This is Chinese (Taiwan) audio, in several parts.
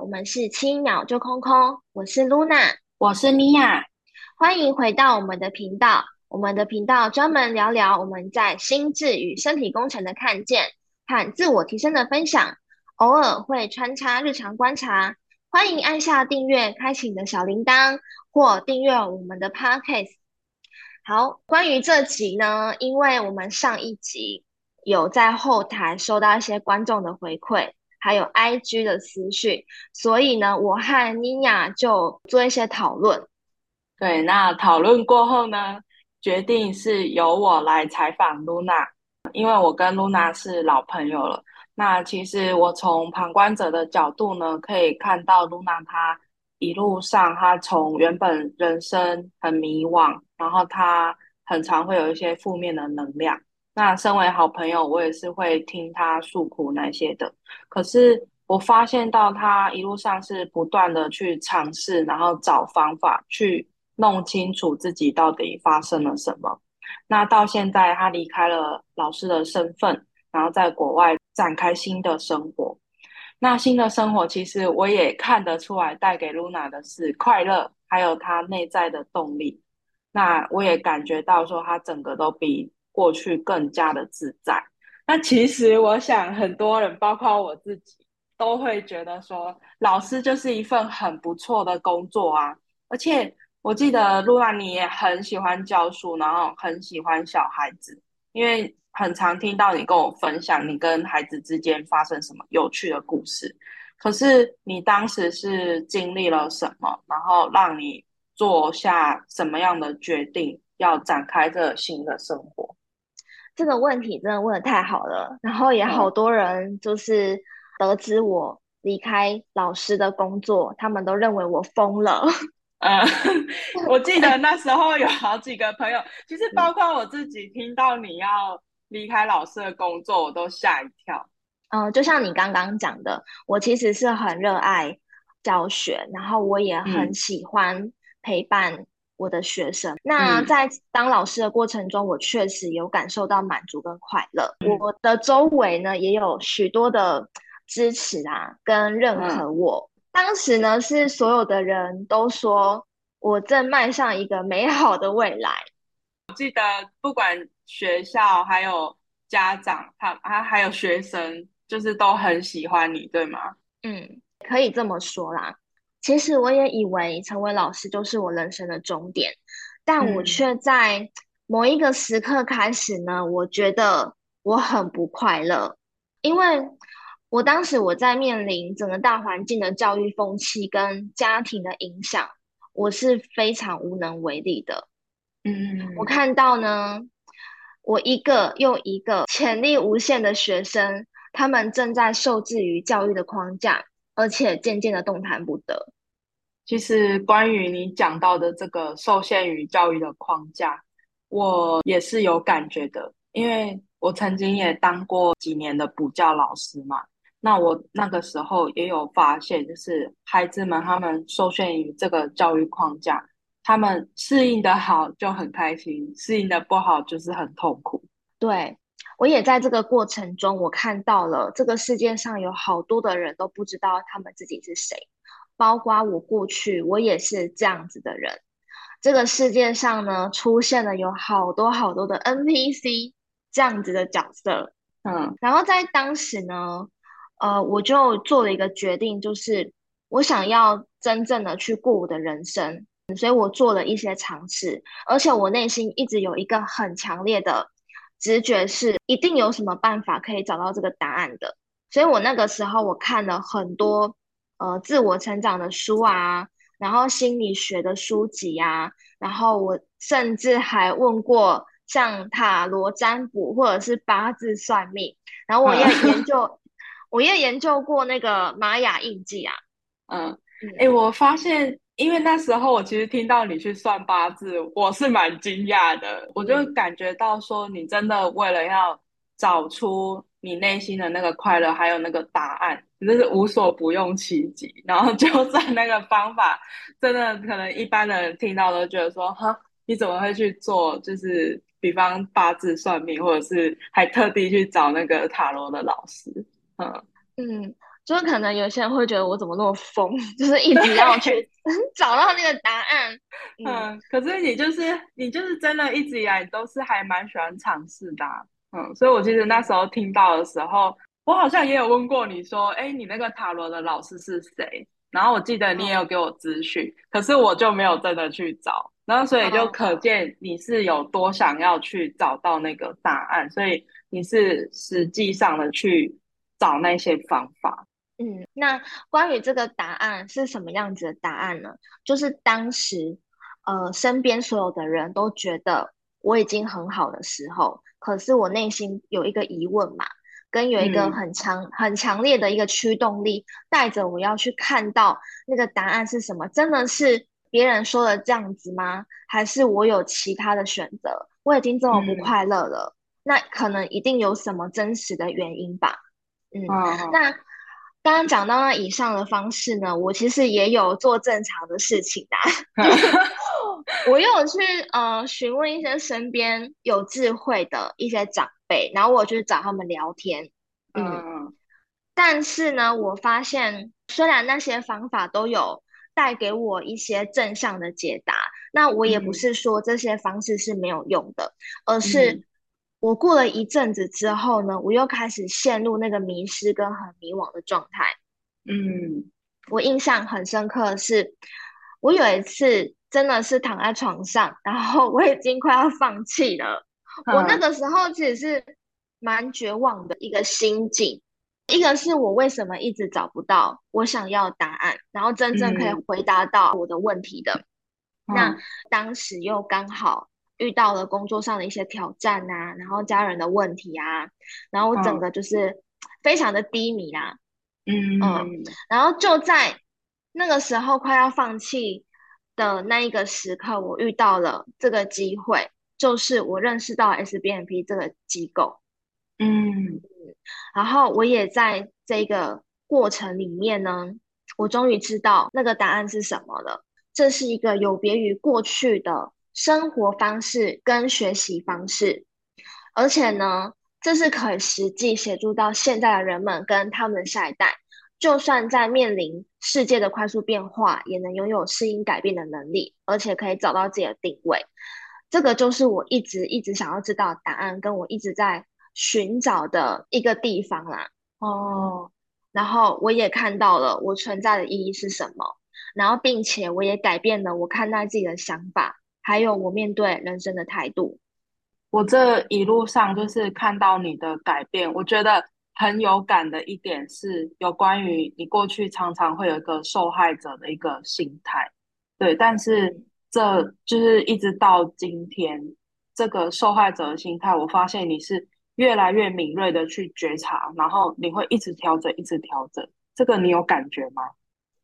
我們是七秒就空空，我是 Luna，我是尼婭。歡迎回到我們的頻道，我們的頻道專門聊聊我們在心智與身體工程的看見和自我提升的分享，偶爾會穿插日常觀察。歡迎按下訂閱，開啟你的小鈴鐺，或訂閱我們的 Podcast。好，關於這集呢，因為我們上一集有在後台收到一些觀眾的回饋。還有 IG 的私訊，所以呢，我和尼婭就做一些討論。對，那討論過後呢，決定是由我來採訪嚕那，因為我跟嚕那是老朋友了。那其實我從旁觀者的角度呢，可以看到嚕那她一路上，她從原本人生很迷惘，然後她很常會有一些負面的能量。那身為好朋友，我也是會聽他訴苦那些的。可是我發現到他一路上是不斷的去嘗試，然後找方法去弄清楚自己到底發生了什麼。那到現在，他離開了老師的身份，然後在國外展開新的生活。那新的生活，其實我也看得出來，帶給 Luna 的是快樂，還有他內在的動力。那我也感覺到說，他整個都比。過去更加的自在。那其實我想，很多人，包括我自己，都會覺得說，老師就是一份很不錯的工作啊。而且，我記得嚕那，你也很喜歡教書，然後很喜歡小孩子，因為很常聽到你跟我分享你跟孩子之間發生什麼有趣的故事。可是，你當時是經歷了什麼，然後讓你做下什麼樣的決定，要展開這新的生活？這個問題真的問得太好了，然後也好多人就是得知我離開老師的工作，他們都認為我瘋了。嗯，我記得那時候有好幾個朋友， 其實包括我自己，聽到你要離開老師的工作，我都嚇一跳。嗯，嗯，就像你剛剛講的，我其實是很熱愛教學，然後我也很喜歡陪伴。我的學生，那在當老師的過程中，嗯、我確實有感受到滿足跟快樂，嗯。我的周圍呢，也有許多的支持啊，跟認可我。嗯、當時呢，是所有的人都說我正邁向一個美好的未來。我記得，不管學校，還有家長，他，他還有學生，就是都很喜歡你，對嗎？嗯，可以這麼說啦。其實我也以為成為老師就是我人生的終點，但我卻在某一個時刻開始呢，嗯，我覺得我很不快樂，因為我當時我在面臨整個大環境的教育風氣跟家庭的影響，我是非常無能為力的。嗯，我看到呢，我一個又一個潛力無限的學生，他們正在受制於教育的框架，而且漸漸的動彈不得。其實關於你講到的這個受限於教育的框架，我也是有感覺的，因為我曾經也當過幾年的補教老師嘛。那我那個時候也有發現，就是孩子們他們受限於這個教育框架，他們適應的好就很開心，適應的不好就是很痛苦。對。我也在這個過程中，我看到了這個世界上有好多的人都不知道他們自己是誰，包括我過去，我也是這樣子的人。這個世界上呢，出現了有好多好多的 NPC 這樣子的角色，嗯，然後在當時呢，呃，我就做了一個決定，就是我想要真正的去過我的人生，所以我做了一些嘗試，而且我內心一直有一個很強烈的，直覺是一定有什麼辦法可以找到這個答案的，所以我那個時候，我看了很多呃，自我成長的書啊，然後心理學的書籍啊，然後我甚至還問過像塔羅占卜或者是八字算命，然後我也研究， 我也研究過那個瑪雅印記啊，呃、嗯，哎、欸，我發現。因為那時候我其實聽到你去算八字，我是蠻驚訝的。嗯、我就感覺到說，你真的為了要找出你內心的那個快樂，還有那個答案，你真是無所不用其極。然後就算那個方法，真的可能一般的人聽到都覺得說，哈，你怎麼會去做？就是比方八字算命，或者是還特地去找那個塔羅的老師，嗯嗯。就是可能有些人會覺得我怎麼那麼瘋，就是一直要去找到那個答案。嗯、嗯，可是你就是你就是真的一直以來都是還蠻喜歡嘗試的啊。嗯，所以我其實那時候聽到的時候，我好像也有問過你說，哎，你那個塔羅的老師是誰？然後我記得你也有給我資訊。嗯，可是我就沒有真的去找。然後所以就可見你是有多想要去找到那個答案，所以你是實際上的去找那些方法。嗯，那關於這個答案是什麼樣子的答案呢？就是當時，呃，身邊所有的人都覺得我已經很好的時候，可是我內心有一個疑問嘛，跟有一個很強、嗯、很強烈的一個驅動力，帶着我要去看到那個答案是什麼。真的是別人說的這樣子嗎？還是我有其他的選擇？我已經這麼不快樂了，嗯，那可能一定有什麼真實的原因吧。嗯，哦，那。剛剛講到那以上的方式呢，我其實也有做正常的事情啊， 我又去嗯、呃、詢問一些身邊有智慧的一些長輩，然後我去找他們聊天，嗯，啊、但是呢，我發現雖然那些方法都有帶給我一些正向的解答，那我也不是說這些方式是沒有用的，而是、嗯。嗯我過了一陣子之後呢，我又開始陷入那個迷失跟很迷惘的狀態。嗯，我印象很深刻的是，我有一次真的是躺在床上，然後我已經快要放棄了、嗯。我那個時候其實是蠻絕望的一個心境。一個是我為什麼一直找不到我想要答案，然後真正可以回答到我的問題的。嗯、那、嗯、當時又剛好。遇到了工作上的一些挑戰啊，然後家人的問題啊，然後我整個就是非常的低迷啊，嗯、oh. mm -hmm. 嗯，然後就在那個時候快要放棄的那一個時刻，我遇到了這個機會，就是我認識到 SBNP 這個機構，mm -hmm. 嗯，然後我也在這個過程裡面呢，我終於知道那個答案是什麼了，這是一個有別於過去的生活方式跟學習方式，而且呢，這是可以實際協助到現在的人們跟他們下一代，就算在面臨世界的快速變化，也能擁有適應改變的能力，而且可以找到自己的定位。這個就是我一直一直想要知道答案，跟我一直在尋找的一個地方啦。哦、嗯，然後我也看到了我存在的意義是什麼，然後並且我也改變了我看待自己的想法。還有我面對人生的態度，我這一路上就是看到你的改變，我覺得很有感的一點是有關於你過去常常會有一個受害者的一個心態，對，但是這就是一直到今天這個受害者的心態，我發現你是越來越敏銳的去覺察，然後你會一直調整，一直調整，這個你有感覺嗎？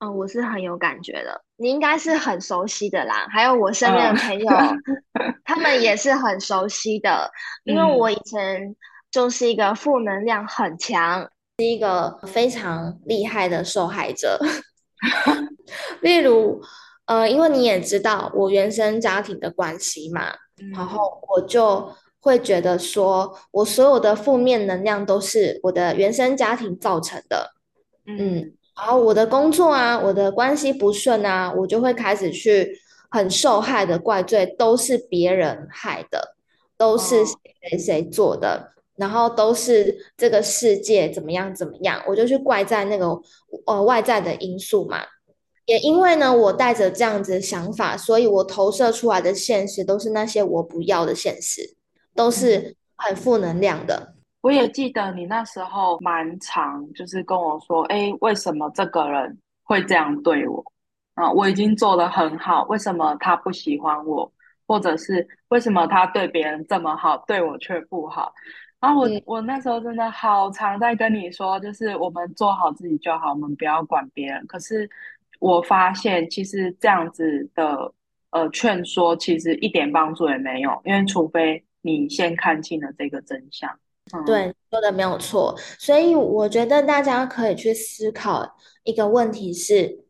嗯、哦，我是很有感覺的，你應該是很熟悉的啦。還有我身邊的朋友，Oh. 他們也是很熟悉的，因為我以前就是一個負能量很強，是一個非常厲害的受害者。 例如，呃，因為你也知道我原生家庭的關係嘛，嗯、然後我就會覺得說，我所有的負面能量都是我的原生家庭造成的。嗯。嗯然後我的工作啊，我的關係不順啊，我就會開始去很受害的怪罪，都是別人害的，都是誰誰誰做的，然後都是這個世界怎麼樣怎麼樣，我就去怪在那個呃外在的因素嘛。也因為呢，我帶着這樣子的想法，所以我投射出來的現實都是那些我不要的現實，都是很負能量的。我也記得你那時候蠻常，就是跟我說，哎，為什麼這個人會這樣對我？啊，我已經做得很好，為什麼他不喜歡我？或者是為什麼他對別人這麼好，對我卻不好？然後我我那時候真的好常在跟你說，就是我們做好自己就好，我們不要管別人。可是我發現，其實這樣子的呃勸說，其實一點幫助也沒有，因為除非你先看清了這個真相。嗯、對，說的沒有錯，所以我覺得大家可以去思考一個問題是，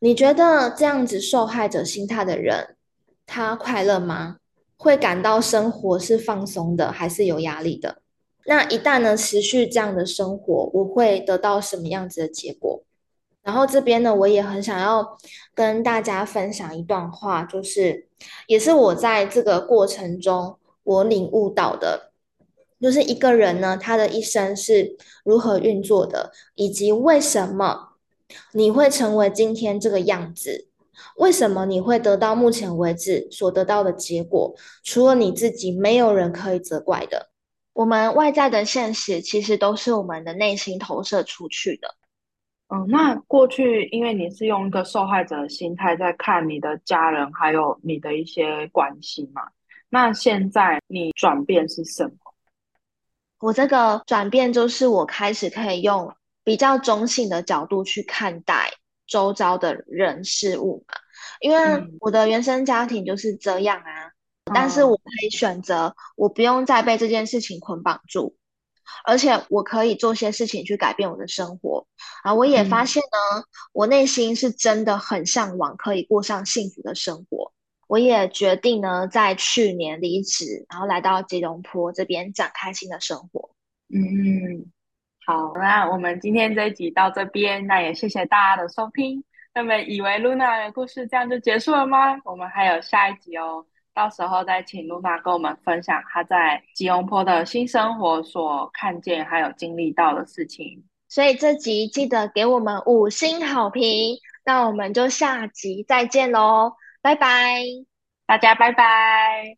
你覺得這樣子受害者心態的人，他快樂嗎？會感到生活是放鬆的，還是有壓力的？那一旦呢，持續這樣的生活，我會得到什麼樣子的結果？然後這邊呢，我也很想要跟大家分享一段話，就是，也是我在這個過程中我領悟到的。就是一個人呢，他的一生是如何運作的，以及為什麼你會成為今天這個樣子？為什麼你會得到目前為止所得到的結果？除了你自己，沒有人可以責怪的。我們外在的現實其實都是我們的內心投射出去的。嗯，那過去因為你是用一個受害者的心態在看你的家人，還有你的一些關係嘛？那現在你轉變是什麼？我這個轉變就是我開始可以用比較中性的角度去看待周遭的人事物嘛，因為我的原生家庭就是這樣啊。嗯。但是我可以選擇，我不用再被這件事情捆綁住，而且我可以做些事情去改變我的生活啊。我也發現呢，嗯，我內心是真的很向往可以過上幸福的生活。我也決定呢，在去年離職，然後來到吉隆坡這邊展開新的生活。嗯，好，那我們今天這一集到這邊，那也謝謝大家的收聽。那麼，以為嚕那的故事這樣就結束了嗎？我們還有下一集哦，到時候再請嚕那跟我們分享她在吉隆坡的新生活所看見還有經歷到的事情。所以這集記得給我們五星好評，那我們就下集再見嘍。拜拜，大家拜拜。